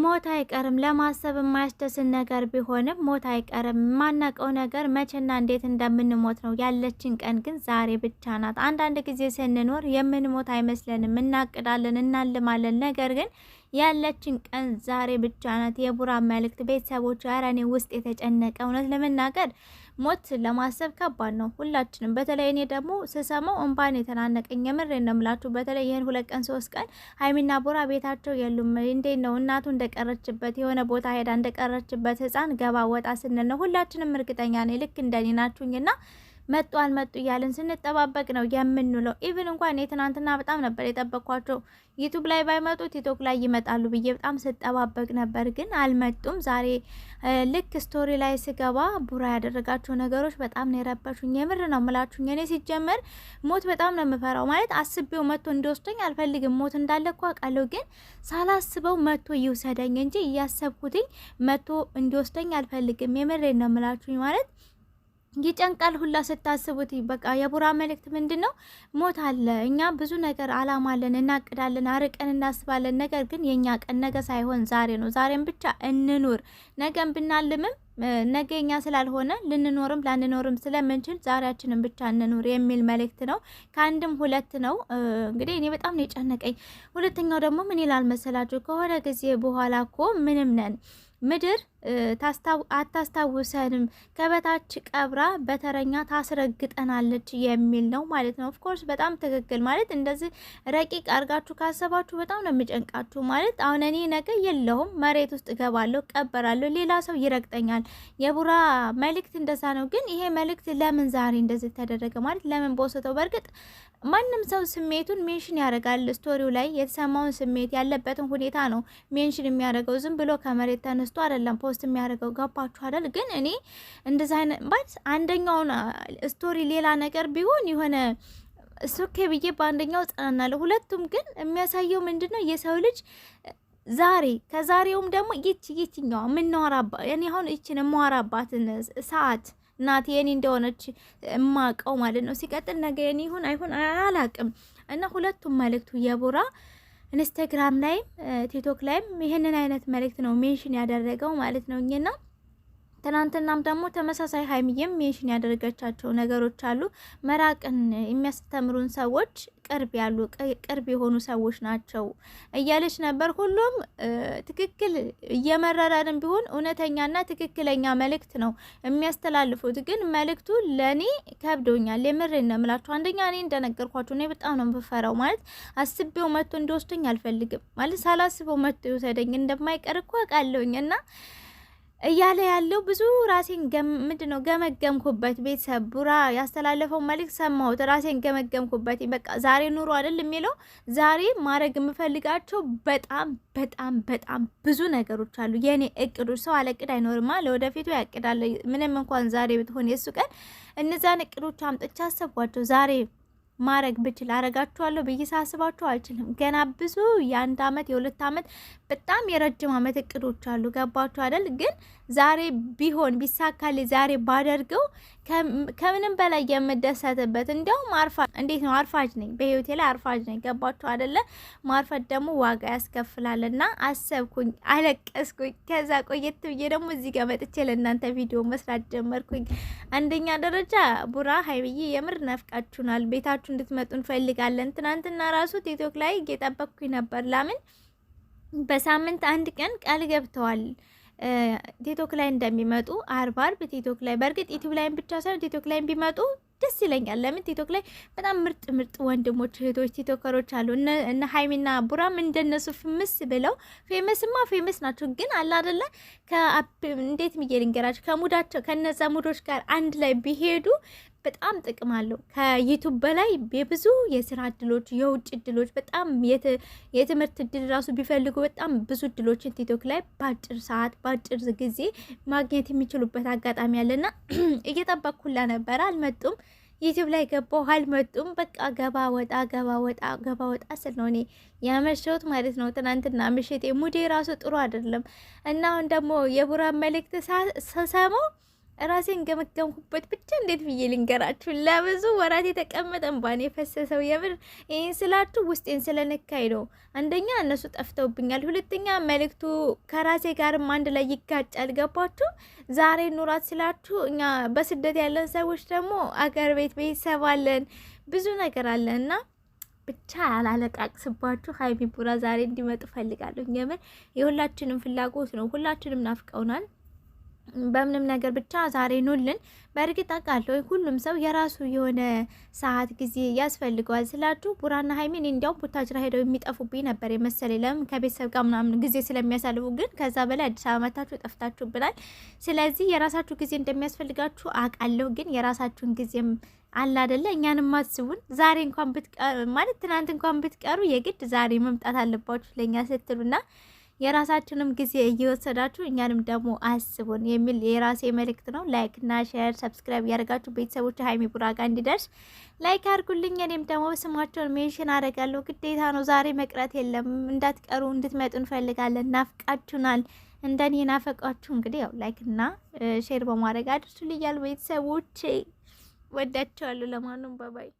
ሞት አይቀርም። ለማሰብ የማያስደስን ነገር ቢሆንም ሞት አይቀርም። የማናውቀው ነገር መቼና እንዴት እንደምንሞት ነው። ያለችን ቀን ግን ዛሬ ብቻ ናት። አንዳንድ ጊዜ ስንኖር የምንሞት አይመስለንም። እናቅዳለን፣ እናልማለን። ነገር ግን ያለችን ቀን ዛሬ ብቻ ናት። የቡራ መልእክት ቤተሰቦች፣ ኧረ እኔ ውስጥ የተጨነቀ እውነት ለመናገር ሞት ለማሰብ ከባድ ነው ሁላችንም። በተለይ እኔ ደግሞ ስሰማው እንባን የተናነቀኝ የምር ነው በተለይ ይህን ሁለት ቀን ሶስት ቀን ሀይሚና ቦራ ቤታቸው የሉም። እንዴት ነው እናቱ እንደቀረችበት የሆነ ቦታ ሄዳ እንደቀረችበት ህፃን ገባ ወጣ ስንል ነው ሁላችንም። እርግጠኛ ነኝ ልክ እንደኔ ናችሁኝና መጡ አልመጡ እያለን ስንጠባበቅ ነው የምንውለው። ኢቭን እንኳን የትናንትና በጣም ነበር የጠበቅኳቸው። ዩቱብ ላይ ባይመጡ ቲክቶክ ላይ ይመጣሉ ብዬ በጣም ስጠባበቅ ነበር፣ ግን አልመጡም። ዛሬ ልክ ስቶሪ ላይ ስገባ ቡራ ያደረጋቸው ነገሮች በጣም ነው የረበሹኝ። የምር ነው ምላችሁኝ። እኔ ሲጀመር ሞት በጣም ነው የምፈራው። ማለት አስቤው መቶ እንዲወስደኝ አልፈልግም። ሞት እንዳለ እኮ አውቃለሁ፣ ግን ሳላስበው መቶ ይውሰደኝ እንጂ እያሰብኩትኝ መቶ እንዲወስደኝ አልፈልግም። የምር ነው ምላችሁኝ ማለት ይጨንቃል ሁላ ስታስቡት። በቃ የቡራ መልእክት ምንድን ነው? ሞት አለ። እኛ ብዙ ነገር አላማለን እናቅዳለን፣ አርቀን እናስባለን። ነገር ግን የእኛ ቀን ነገ ሳይሆን ዛሬ ነው። ዛሬን ብቻ እንኑር። ነገን ብናልምም ነገ እኛ ስላልሆነ ልንኖርም ላንኖርም ስለምንችል ዛሬያችንን ብቻ እንኑር የሚል መልእክት ነው። ከአንድም ሁለት ነው እንግዲህ። እኔ በጣም ነው የጨነቀኝ። ሁለተኛው ደግሞ ምን ይላል መሰላችሁ? ከሆነ ጊዜ በኋላ እኮ ምንም ነን ምድር አታስታውሰንም፣ ከበታች ቀብራ በተረኛ ታስረግጠናለች የሚል ነው ማለት ነው። ኦፍኮርስ በጣም ትክክል ማለት እንደዚህ ረቂቅ አድርጋችሁ ካሰባችሁ በጣም ነው የሚጨንቃችሁ ማለት። አሁን እኔ ነገ የለውም መሬት ውስጥ እገባለሁ፣ ቀበራለሁ፣ ሌላ ሰው ይረግጠኛል። የቡራ መልእክት እንደዛ ነው። ግን ይሄ መልእክት ለምን ዛሬ እንደዚህ ተደረገ ማለት ለምን በወሰተው። በእርግጥ ማንም ሰው ስሜቱን ሜንሽን ያደርጋል ስቶሪው ላይ የተሰማውን ስሜት ያለበትን ሁኔታ ነው ሜንሽን የሚያደርገው። ዝም ብሎ ከመሬት ተነስቶ አይደለም ፖስት የሚያደርገው ገባችሁ አይደል? ግን እኔ እንደዛ አይነት ባት አንደኛውን ስቶሪ ሌላ ነገር ቢሆን የሆነ ሶኬ ብዬ በአንደኛው ጽናናለሁ። ሁለቱም ግን የሚያሳየው ምንድን ነው የሰው ልጅ ዛሬ ከዛሬውም ደግሞ ይች ይችኛዋ የምናወራባ እኔ አሁን ይችን የማወራባትን ሰዓት እናት የኔ እንደሆነች እማቀው ማለት ነው። ሲቀጥል ነገ የኔ ይሁን አይሁን አላቅም እና ሁለቱም መልእክቱ የቡራ ኢንስተግራም ላይም ቲክቶክ ላይም ይህንን አይነት መልእክት ነው ሜንሽን ያደረገው ማለት ነው እኛና ትናንትናም ደግሞ ተመሳሳይ ሀይሚዬም ሜንሽን ያደረገቻቸው ነገሮች አሉ። መራቅን የሚያስተምሩን ሰዎች ቅርብ ያሉ ቅርብ የሆኑ ሰዎች ናቸው እያለች ነበር። ሁሉም ትክክል እየመረረንም ቢሆን እውነተኛና ትክክለኛ መልእክት ነው የሚያስተላልፉት። ግን መልእክቱ ለእኔ ከብዶኛል። የምሬ ነው የምላችሁ። አንደኛ እኔ እንደነገርኳችሁ እኔ በጣም ነው የምፈራው። ማለት አስቤው መጥቶ እንዲወስደኝ አልፈልግም። ማለት ሳላስበው መጥቶ ይውሰደኝ እንደማይቀር እኮ አውቃለሁኝ እና እያለ ያለው ብዙ ራሴን ምንድ ነው ገመገምኩበት። ቤተሰብ ቡራ ያስተላለፈው መልእክት ሰማሁት፣ ራሴን ገመገምኩበት። በቃ ዛሬ ኑሮ አይደል የሚለው ዛሬ ማድረግ የምፈልጋቸው በጣም በጣም በጣም ብዙ ነገሮች አሉ። የእኔ እቅዶች ሰው አለቅድ አይኖርማ፣ ለወደፊቱ ያቅዳለ። ምንም እንኳን ዛሬ ብትሆን የሱ ቀን፣ እነዛን እቅዶች አምጥቻ አሰብኳቸው ዛሬ ማረግ ብችል አረጋችኋለሁ ብዬ ሳስባችሁ አልችልም። ገና ብዙ የአንድ አመት የሁለት አመት በጣም የረጅም አመት እቅዶች አሉ። ገባችሁ አይደል ግን ዛሬ ቢሆን ቢሳካል ዛሬ ባደርገው ከምንም በላይ የምደሰትበት እንዲያውም አርፋ እንዴት ነው አርፋጅ ነኝ፣ በህይወቴ ላይ አርፋጅ ነኝ። ገባችሁ አደለ? ማርፈድ ደግሞ ዋጋ ያስከፍላል። እና አሰብኩኝ፣ አለቀስኩኝ። ከዛ ቆየት ብዬ ደግሞ እዚህ ጋር መጥቼ ለእናንተ ቪዲዮ መስራት ጀመርኩኝ። አንደኛ ደረጃ ቡራ ሀይብዬ የምር ነፍቃችሁናል። ቤታችሁ እንድትመጡ እንፈልጋለን። ትናንትና ራሱ ቲክቶክ ላይ እየጠበቅኩኝ ነበር። ለምን በሳምንት አንድ ቀን ቃል ገብተዋል ቲክቶክ ላይ እንደሚመጡ አርብ አርብ ቲክቶክ ላይ በእርግጥ ዩቲዩብ ላይም ብቻ ሳይሆን ቲክቶክ ላይ ቢመጡ ደስ ይለኛል። ለምን ቲክቶክ ላይ በጣም ምርጥ ምርጥ ወንድሞች እህቶች ቲክቶከሮች አሉ። እነ ሀይሚና ቡራም እንደነሱ ፍምስ ብለው ፌመስማ ፌመስ ናቸው። ግን አለ አይደለ እንዴት ብዬ ልንገራቸው ከሙዳቸው ከነዛ ሙዶች ጋር አንድ ላይ ቢሄዱ በጣም ጥቅም አለው። ከዩቱብ በላይ የብዙ የስራ እድሎች፣ የውጭ እድሎች በጣም የትምህርት እድል ራሱ ቢፈልጉ በጣም ብዙ እድሎችን ቲክቶክ ላይ በአጭር ሰዓት በአጭር ጊዜ ማግኘት የሚችሉበት አጋጣሚ አለና እየጠበኩላ ነበር። አልመጡም። ዩቲዩብ ላይ ገባሁ አልመጡም። በቃ ገባ ወጣ ገባ ወጣ ገባ ወጣ ስል ነው እኔ ያመሸሁት ማለት ነው። ትናንትና ምሽት ሙዴ ራሱ ጥሩ አይደለም እና አሁን ደግሞ የቡራን መልእክት ሰሰመው ራሴን ገመገምኩበት ብቻ እንዴት ብዬ ልንገራችሁ? ለብዙ ወራት የተቀመጠ እንባን የፈሰሰው የምር ይህን ስላችሁ ውስጤን ስለነካኝ ነው። አንደኛ እነሱ ጠፍተውብኛል፣ ሁለተኛ መልእክቱ ከራሴ ጋርም አንድ ላይ ይጋጫል። ገባችሁ? ዛሬ ኑራት ስላችሁ እኛ በስደት ያለን ሰዎች ደግሞ አገር ቤት ቤተሰብ አለን፣ ብዙ ነገር አለ እና ብቻ ያላለቃቅስባችሁ ሀይሚ ቡራ ዛሬ እንዲመጡ ፈልጋለሁ። የምር የሁላችንም ፍላጎት ነው። ሁላችንም ናፍቀውናል። በምንም ነገር ብቻ ዛሬ ኑልን። በእርግጥ አውቃለሁ ሁሉም ሰው የራሱ የሆነ ሰዓት ጊዜ ያስፈልገዋል ስላችሁ ቡራና ሀይሜን እንዲያውም ቡታጅራ ሄደው የሚጠፉብኝ ነበር የመሰለኝ። ለምን ከቤተሰብ ጋር ምናምን ጊዜ ስለሚያሳልፉ፣ ግን ከዛ በላይ አዲስ አበባ መታችሁ ጠፍታችሁብናል። ስለዚህ የራሳችሁ ጊዜ እንደሚያስፈልጋችሁ አውቃለሁ፣ ግን የራሳችሁን ጊዜም አለ አይደለ? እኛንም ማስቡን ዛሬ እንኳን ብትቀሩ ማለት ትናንት እንኳን ብትቀሩ የግድ ዛሬ መምጣት አለባችሁ ለእኛ ስትሉና የራሳችንም ጊዜ እየወሰዳችሁ እኛንም ደግሞ አስቡን የሚል የራሴ መልእክት ነው። ላይክ እና ሼር፣ ሰብስክራይብ እያደረጋችሁ ቤተሰቦች ሀይሚ ቡራጋ እንዲደርስ ላይክ አድርጉልኝ። እኔም ደግሞ ስማቸውን ሜንሽን አደርጋለሁ። ግዴታ ነው፣ ዛሬ መቅረት የለም። እንዳትቀሩ እንድትመጡ እንፈልጋለን። ናፍቃችሁናል። እንደኔ የናፈቃችሁ እንግዲህ ያው ላይክ እና ሼር በማድረግ አድርሱልኝ። ቤተሰቦች ወዳቸዋለሁ። ለማንም ባባይ